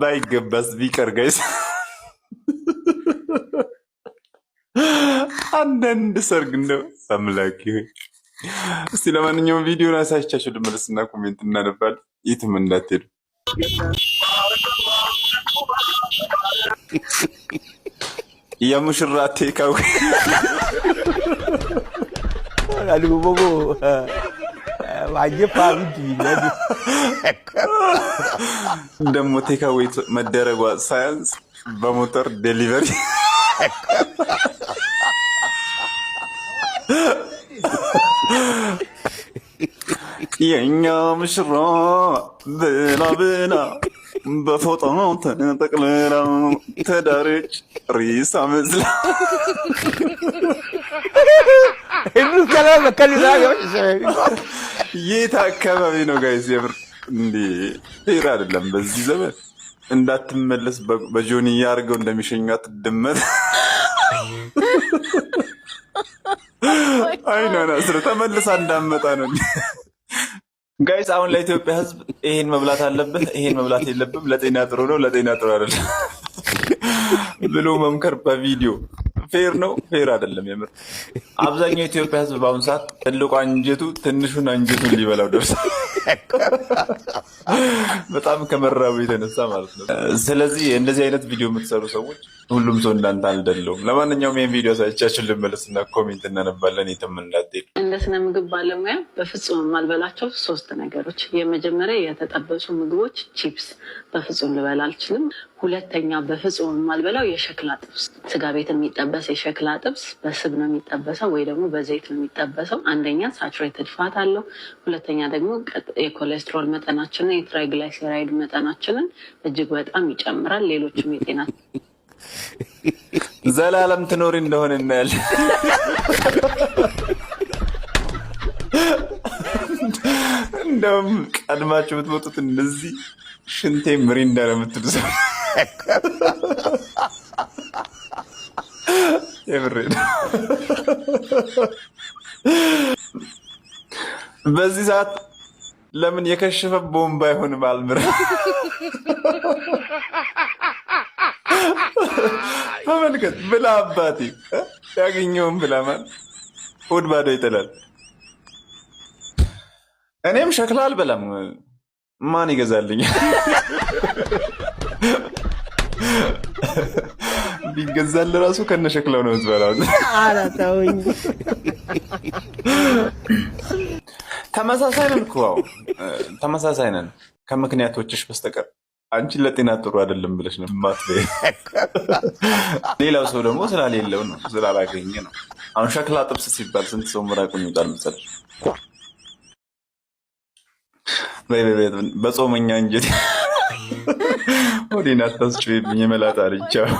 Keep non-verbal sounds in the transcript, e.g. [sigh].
ባይገባስ ቢቀር ጋይስ አንዳንድ ሰርግ እንደው አምላክ ይሁን። እስቲ ለማንኛውም ቪዲዮ አሳይቻችሁ ልመለስና ኮሜንት እናነባለን። የትም እንዳትሄዱ። የሙሽራ ቴካዊ አልቦቦ ማየ ፋሚሊ ደግሞ ቴካዌት መደረጓ ሳያንስ በሞተር ዴሊቨሪ የኛ ምሽራ ብላ ብላ በፎጣ ተጠቅልላ ተዳርጭ ሪሳ መስላ የት አካባቢ ነው ጋይስ? የብር እንዴ ሄር አይደለም። በዚህ ዘመን እንዳትመለስ በጆኒ አድርገው እንደሚሸኛት ድመት [laughs] አይናና ስረ ተመልሳ እንዳመጣ ነው ጋይስ። አሁን ለኢትዮጵያ ሕዝብ ይሄን መብላት አለብህ፣ ይሄን መብላት የለብም፣ ለጤና ጥሩ ነው፣ ለጤና ጥሩ አይደለም ብሎ መምከር በቪዲዮ ፌር ነው፣ ፌር አይደለም። የምር አብዛኛው የኢትዮጵያ ህዝብ በአሁኑ ሰዓት ትልቁ አንጀቱ ትንሹን አንጀቱን ሊበላው ደርሷል። በጣም ከመራቡ የተነሳ ማለት ነው። ስለዚህ እንደዚህ አይነት ቪዲዮ የምትሰሩ ሰዎች ሁሉም ሰው እንዳንተ አልደለውም። ለማንኛውም ይህን ቪዲዮ ሳይቻችን ልመለስና ኮሜንት እናነባለን። የትም እንዳትሄዱ። እንደ ስነ ምግብ ባለሙያ በፍጹም የማልበላቸው ሶስት ነገሮች፣ የመጀመሪያ የተጠበሱ ምግቦች ቺፕስ በፍጹም ልበላ አልችልም። ሁለተኛ በፍጹም የማልበላው የሸክላ ጥብስ፣ ስጋ ቤት የሚጠበስ የሸክላ ጥብስ በስብ ነው የሚጠበሰው ወይ ደግሞ በዘይት ነው የሚጠበሰው። አንደኛ ሳቹሬትድ ፋት አለው፣ ሁለተኛ ደግሞ የኮሌስትሮል መጠናችንን የትራይግላይሴራይድ መጠናችንን እጅግ በጣም ይጨምራል። ሌሎችም የጤና [laughs] ዘላለም ትኖሪ እንደሆነ እናያለን። [laughs] እንደውም ቀድማችሁ ብትመጡት እንደዚህ ሽንቴ ምሪንዳ ነው የምትሉ የምሬ [laughs] ነው። በዚህ ሰዓት ለምን የከሸፈ ቦምብ አይሆንም? አልምር [laughs] ተመልከት ብላ አባቴ ያገኘውን ብላ ሆድ ባዶ ይጥላል። እኔም ሸክላ አልበላም። ማን ይገዛልኛል? [laughs] ቢገዛል ራሱ ከነሸክለው ነው የምትበላው። ኧረ ተውኝ። ተመሳሳይ ነን እኮ ተመሳሳይ ነን ከምክንያቶችሽ በስተቀር አንቺን ለጤና ጥሩ አይደለም ብለሽ ነው የማትበይው። ሌላው ሰው ደግሞ ስላሌለው ነው ስላላገኘ ነው። አሁን ሸክላ ጥብስ ሲባል ስንት ሰው ምራቁን ይወጣል መሰለሽ? በጾመኛ እንጀት እኔን አታስጭብኝ የመላጣ ልቻው